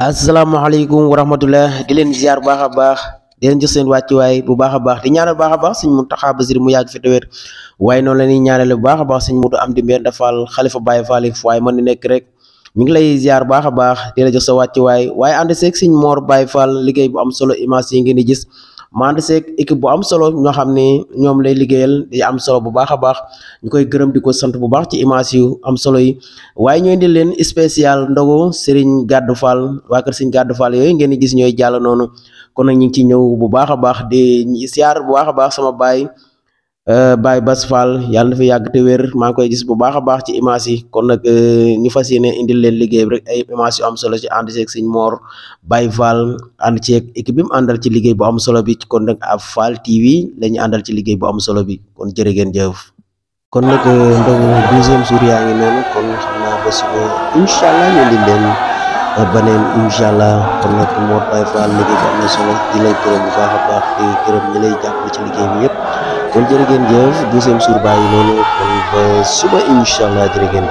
asalaamaaleykum wa rahmatullah di leen ziar baax a baax di leen jox seen wàccuwaay bu baax a baax di ñaanal baax a baax mu Muntaxa Basiir mu yàgg fi te wér waaye noonu la ñuy ñaanale bu baax a baax sëñ Mudu di Mbeen Fall xalifa Baay Faal waaye mën na nekk rek mi ngi lay ziar baax a baax di la jox sa wàccuwaay waaye ànd seeg sëñ Moor Baay Faal liggéey bu am solo image yi ngeen di gis ma ànd équipe bu am solo ñoo xam ne ñoom lay liggéeyal di am solo bu baax a baax ñu koy gërëm di ko sant bu baax ci image yu am solo yi waaye ñooy indi leen spécial ndogu Serigne Gadou Fall waa kër Serigne Gadou Fall yooyu ngeen gis ñooy jàll noonu kon nag ñu ngi ci ñëw bu baax a baax di siyaar bu baax a baax sama baay. Euh, Baye Bass Fall yàlla na fi yàgg te wér maa ngi koy gis bu baax a baax ci image yi kon nag euh, ñu fas yéene indi leen liggéey bi rek ay image yu am solo ci ànd ceeg sëñ Mor Baye Fall ànd ceeg équipe bi mu àndal ci liggéey bu am solo bi kon nag à Fall TV la ñu àndal ci liggéey bo am solo bi kon jërë ngeen jëf. kon nag euh, ndogu deuxième jour yaa ngi noonu kon xam ba suba incha ñu indil leen. Euh, beneen incha allah kon nag Mor Baye Fall di lay gërëm bu baax a baax di gërëm ñi lay jàppale ci liggéey bi yëpp kon jërë ngeen jëf deuxième jour bàyyi noonu kon ba suba incha allah jërë ngeen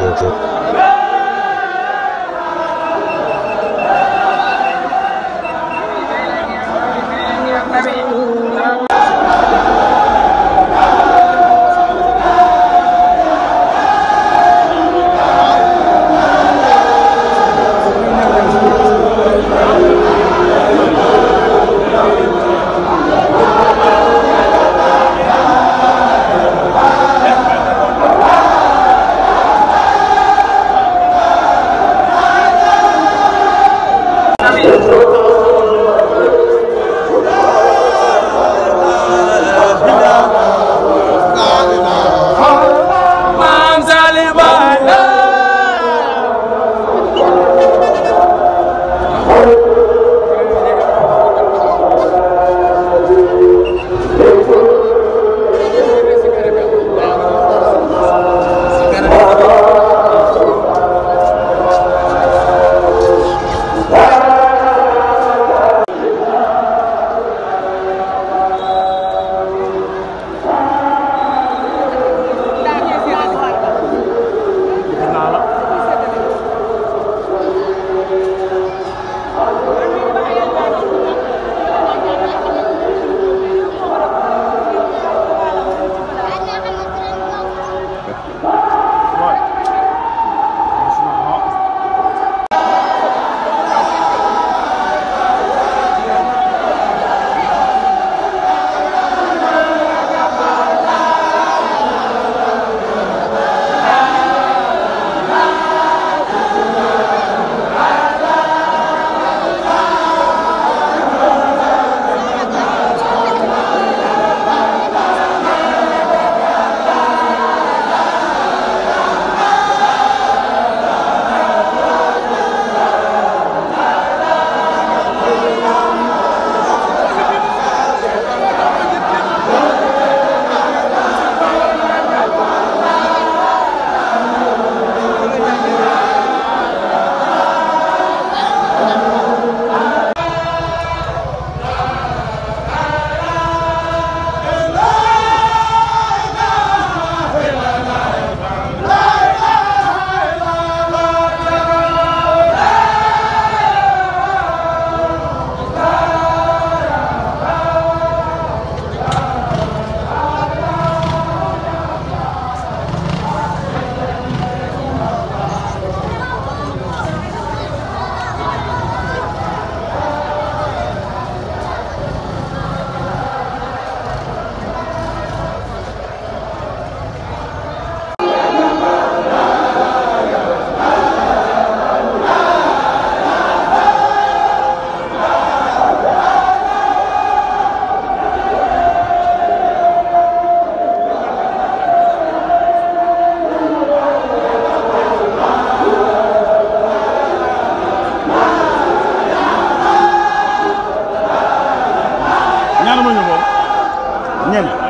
Annem